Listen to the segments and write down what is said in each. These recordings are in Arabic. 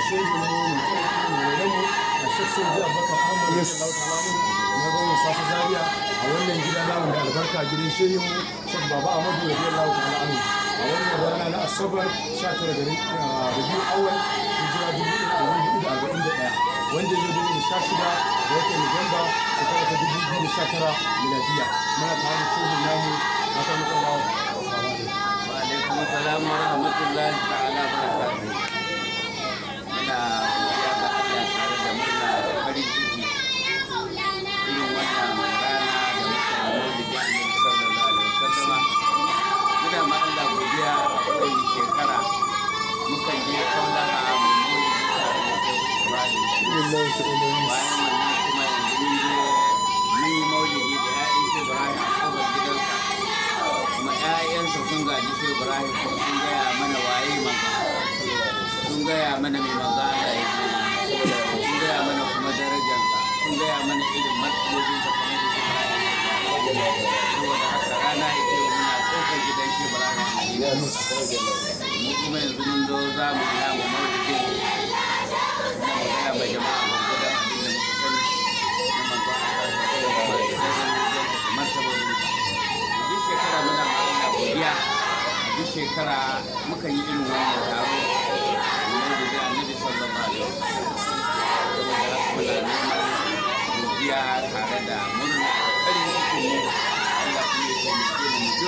الشيخ الشيخ سيدي ابو بكر احمد na gwamnan sasa zaria a wannan gida namu da albarka gidan shehu shek baba amadu da biyar lawa ta'ala anu a wannan rana na asabar 19 ga biyu awal hijira dubu ɗaya da arba'in da ɗaya wanda ya zo dubu da sha shida da watan nuwamba shekara ta dubu biyu da sha tara miladiya muna tare da shehu namu a kan kawo wa alaikum salam wa rahmatullahi ta'ala barakatuhu muna ma Allah godiya a kowane shekara muka je kaulara a mummuni tare da kai Qur'ani bayan wannan kuma yanzu yang je mun yi maulidi da ƴaƴan shi Ibrahim a kofar gidansa kuma ƴaƴansa sun gaji shi Ibrahim kuma sun gaya mana waye manzo sun gaya mana yang manzo Allah ya je sun gaya mana kuma darajarsa sun gaya mana irin matsalolin da kuma da Ibrahim saboda haka rana yake kofar gidan shi bara mu kuma yanzu mun zo za mu ga mu ba ba da da muka shekara shekara yi irin wannan taro na da annabi sallallahu alaihi wasallam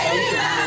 Obrigado.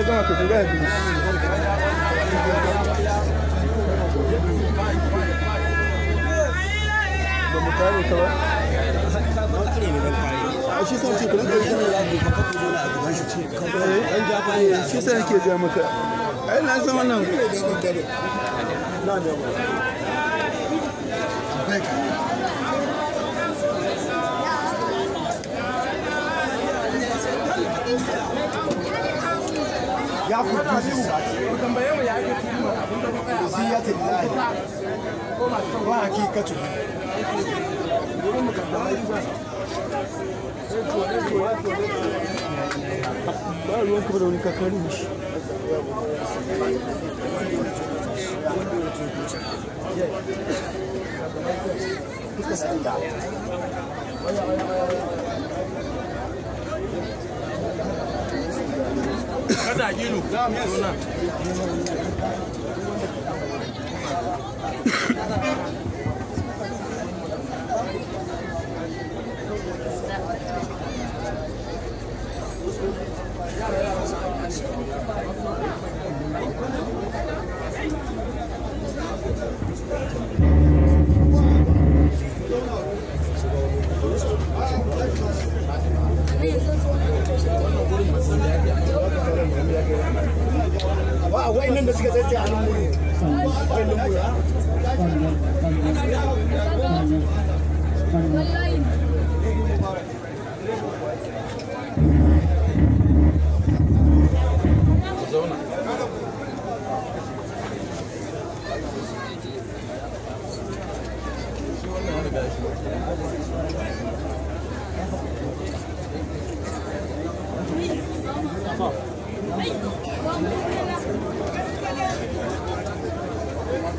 é dona que tiver. a ya kuka su sati ziyatin lahi wa hakikatu ba ruwan kuma da wani kakarin shi Thank Brother, you look. Damn, yes. Thank you.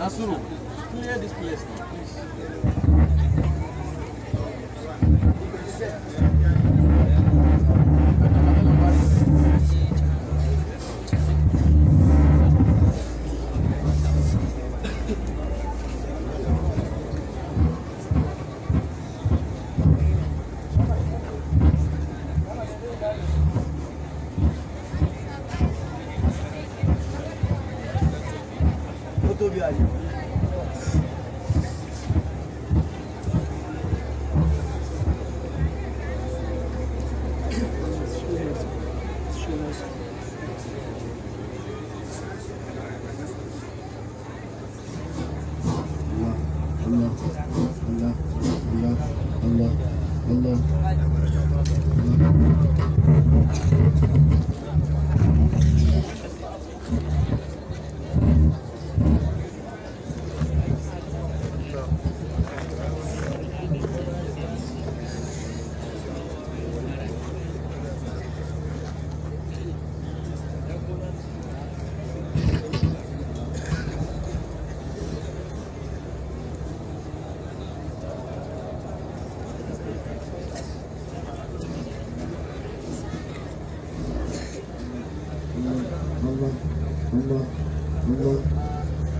Nasuru, clear this place please.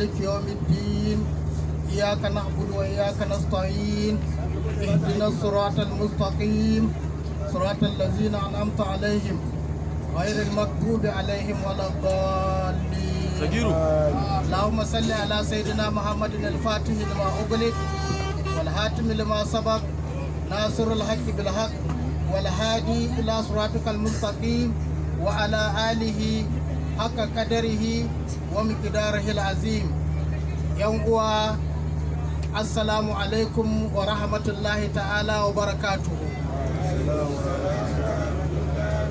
مالك يوم الدين إياك نعبد وإياك نستعين اهدنا الصراط المستقيم صراط الذين أنعمت عليهم غير المكتوب عليهم ولا الضالين اللهم صل على سيدنا محمد الفاتح لما أغلق والهاتم لما سبق ناصر الحق بالحق والهادي إلى صراطك المستقيم وعلى آله حق قدره wa miqdarihi azim yan uwa assalamu alaikum wa rahmatullahi ta'ala wa barakatuhu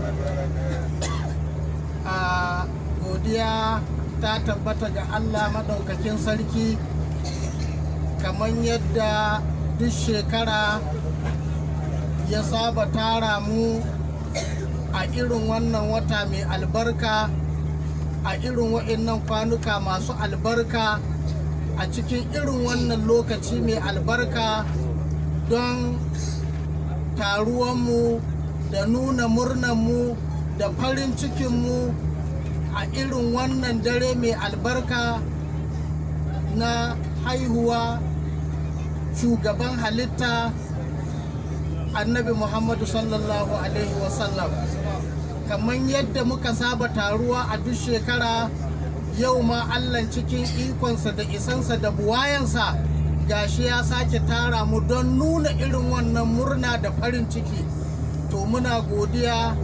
a godiya ta tabbata ga Allah maɗaukakin sarki kamar yadda duk shekara ya saba tara mu a irin wannan wata mai albarka a irin waɗannan kwanuka masu albarka a cikin irin wannan lokaci mai albarka don taruwanmu da nuna murnanmu da farin cikinmu a irin wannan dare mai albarka na haihuwa shugaban halitta annabi muhammadu sallallahu alaihi wasallam kamar yadda muka saba taruwa a duk shekara yau ma allah cikin ikonsa da isansa da buwayensa gashi ya sake tara mu don nuna irin wannan murna da farin ciki to muna godiya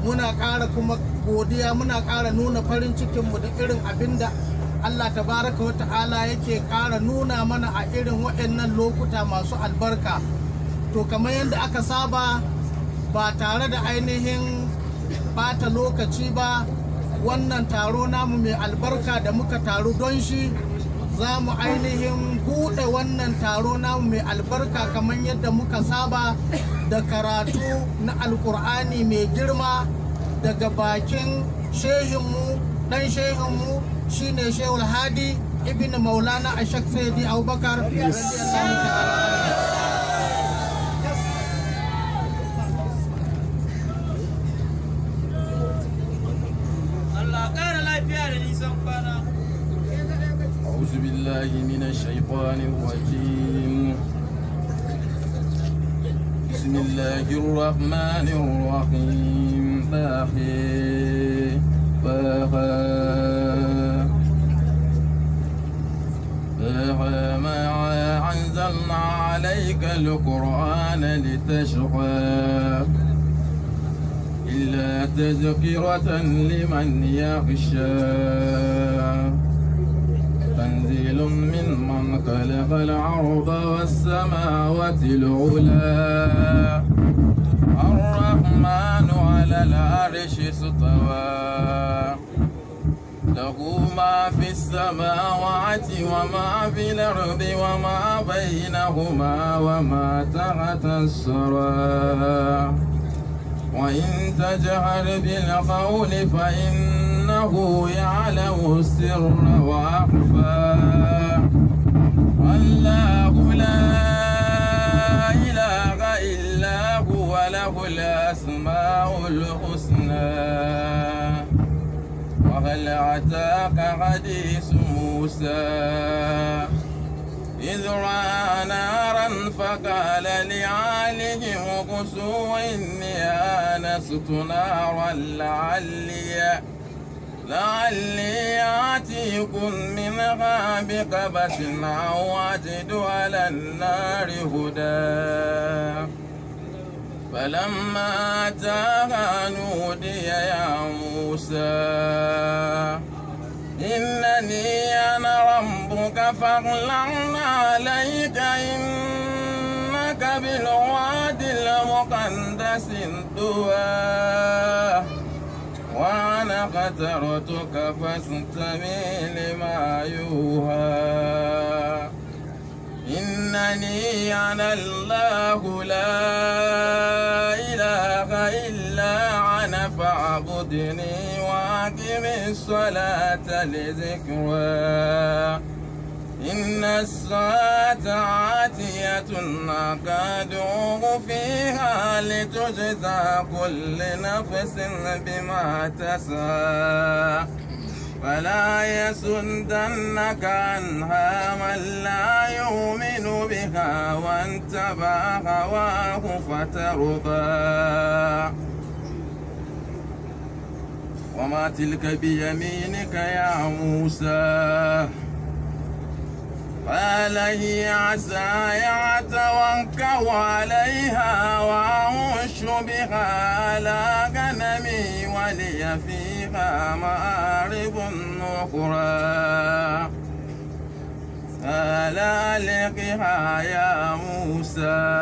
muna ƙara kuma godiya muna ƙara nuna farin cikinmu da irin abin da allah tabaraka wa ta'ala yake ƙara nuna mana a irin waɗannan lokuta masu albarka to kamar yadda aka saba ba tare da ainihin Bata lokaci ba wannan taro namu mai albarka da muka taru don shi za mu ainihin buɗe wannan taro namu mai albarka kamar yadda muka saba da karatu na alkur'ani mai girma daga bakin shehinmu ɗan shehinmu shine shehul hadi ibn maulana Ashak shak sayyidi abubakar yes. بالله من الشيطان الرجيم بسم الله الرحمن الرحيم باخي باخا ما أنزلنا عليك القرآن لتشقى إلا تذكرة لمن يخشى تنزيل من خلق العرض والسماوات العلا الرحمن على العرش استوى له ما في السماوات وما في الأرض وما بينهما وما تحت الثرى وإن تجهر بالقول فإن إنه يعلم السر وأخفى الله لا إله إلا هو له الأسماء الحسنى وهل أتاك حديث موسى إذ رأى نارا فقال لعالهم قسو إني آنست نارا لعلي لعلي آتيكم منها بقبس أو أجد على النار هدى فلما أتاها نودي يا موسى إنني أنا ربك فاغلعنا عليك إنك بالوادي المقدس طوى تركك فاستمع لما يوحى إنني أنا الله لا إله إلا أنا فاعبدني وأقم الصلاة لذكرى إن الساعة عاتية أكاد فيها لتجزى كل نفس بما تسعى فلا يسدنك عنها من لا يؤمن بها وانتبع هواه فترضى وما تلك بيمينك يا موسى قال هي عساي عليها واعش بها على غنمي ولي فيها مآرب أخرى فلا لقها يا موسى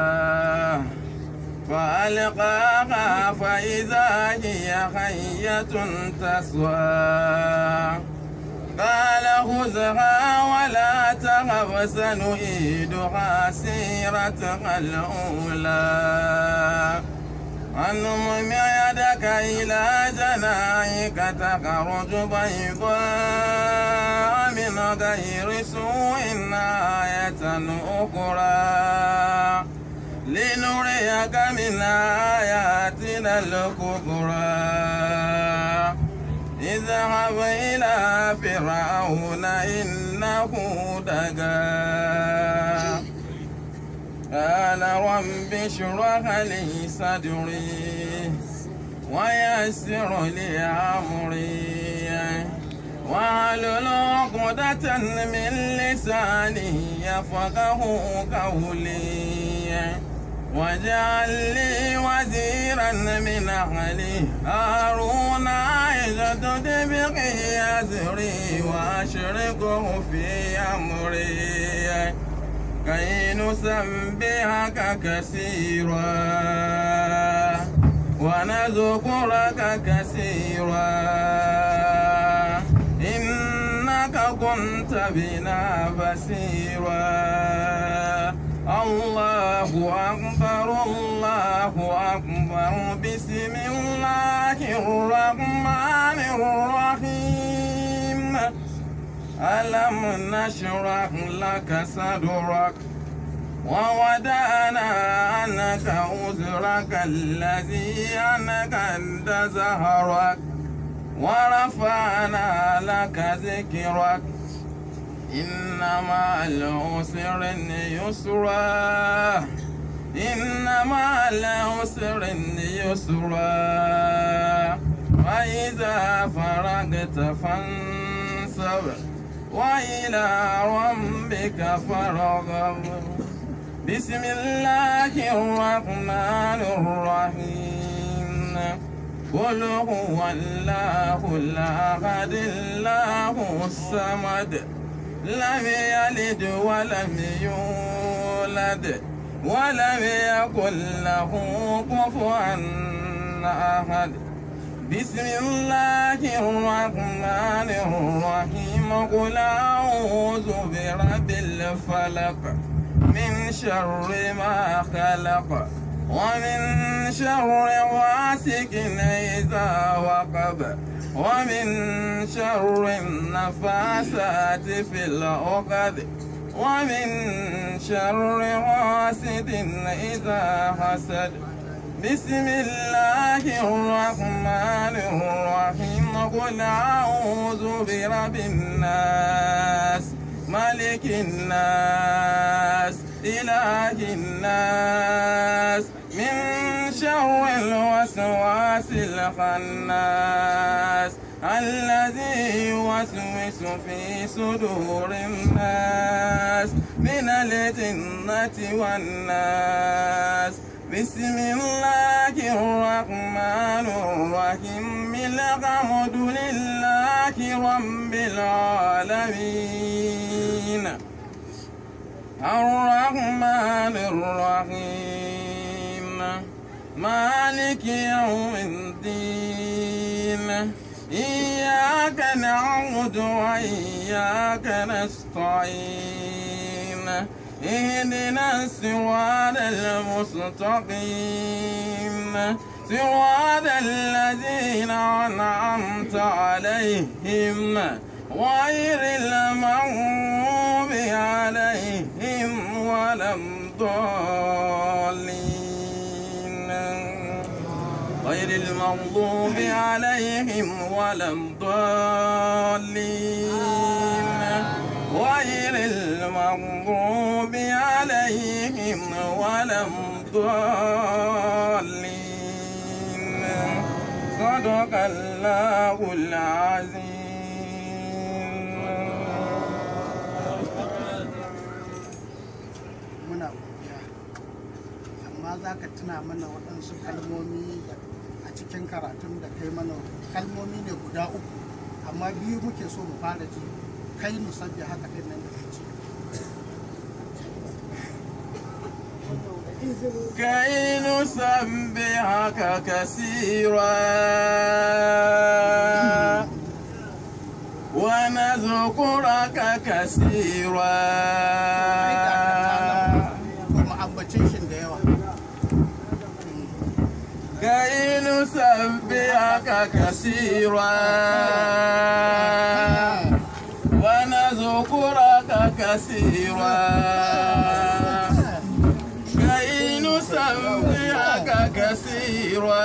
فألقاها فإذا هي حية تسوى قال خذها ولا تخف سنعيدها سيرتها الأولى أنضم يدك إلى جناحك تخرج بيضاء من غير سوء آية أخرى لنريك من آياتنا الكبرى ذهب إلى فرعون إنه دجا قال رب اشرح لي صدري ويسر لي أمري واحلل عقدة من لساني يفقه قولي na-ali, a wadiliwaziraiahanhi arụna addbekai ya ziri, zụrwaashirigụhụfe aṅụri ka yinụsa mbe ha kakasi rụọ wanzụkụrụaka kasi rụọ iakagutabe naaba si r الله أكبر الله أكبر بسم الله الرحمن الرحيم ألم نشرح لك صدرك ووضعنا عنك أزرك الذي أنكدت زهرك ورفعنا لك ذكرك إنما العسر يسرا إنما العسر يسرا وإذا فرغت فانصب وإلى ربك فارغب بسم الله الرحمن الرحيم قل هو الله الأحد الله الصمد لم يلد ولم يولد ولم يكن له كفوا أحد بسم الله الرحمن الرحيم قل أعوذ برب الفلق من شر ما خلق ومن شر غاسق إذا وقب ومن شر النفاسات في العقد ومن شر غاسد إذا حسد بسم الله الرحمن الرحيم قل أعوذ برب الناس ملك الناس إله الناس من شر الوسواس الخناس الذي يوسوس في صدور الناس من الجنة والناس بسم الله الرحمن الرحيم الحمد لله رب العالمين الرحمن الرحيم مالك يوم الدين إياك نعبد وإياك نستعين اهدنا الصراط المستقيم صراط الذين أنعمت عليهم غير المغضوب عليهم ولا الضالين غير المغضوب عليهم ولا الضالين غير المغضوب عليهم ولا الضالين صدق الله العظيم za ka tuna mana waɗansu kalmomi a cikin karatun da kai mana kalmomi ne guda uku amma biyu muke so mu fara ji kai musabbi haka ɗin nan da ka ce كي نسبحك كثيرا ونذكرك kasira نشكرك كثيرا ونذكرك كثيرا كي نسبحك كثيرا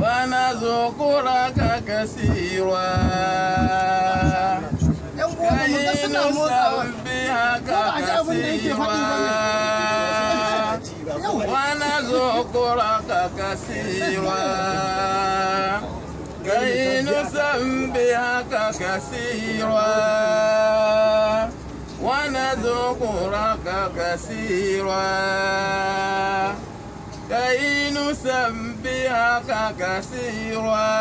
ونذكرك كثيرا طرق كثيرا كي نسبحك كثيرا ونذكرك كثيرا كي نسبحك كثيرا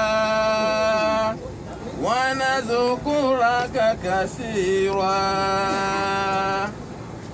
ونذكرك كثيرا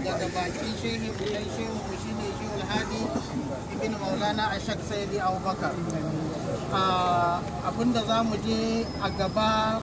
daga bakin shehi bulan shehu shi ne shehu alhadi ibn maulana a shak sayyidi abubakar ah, abinda za mu je a gaba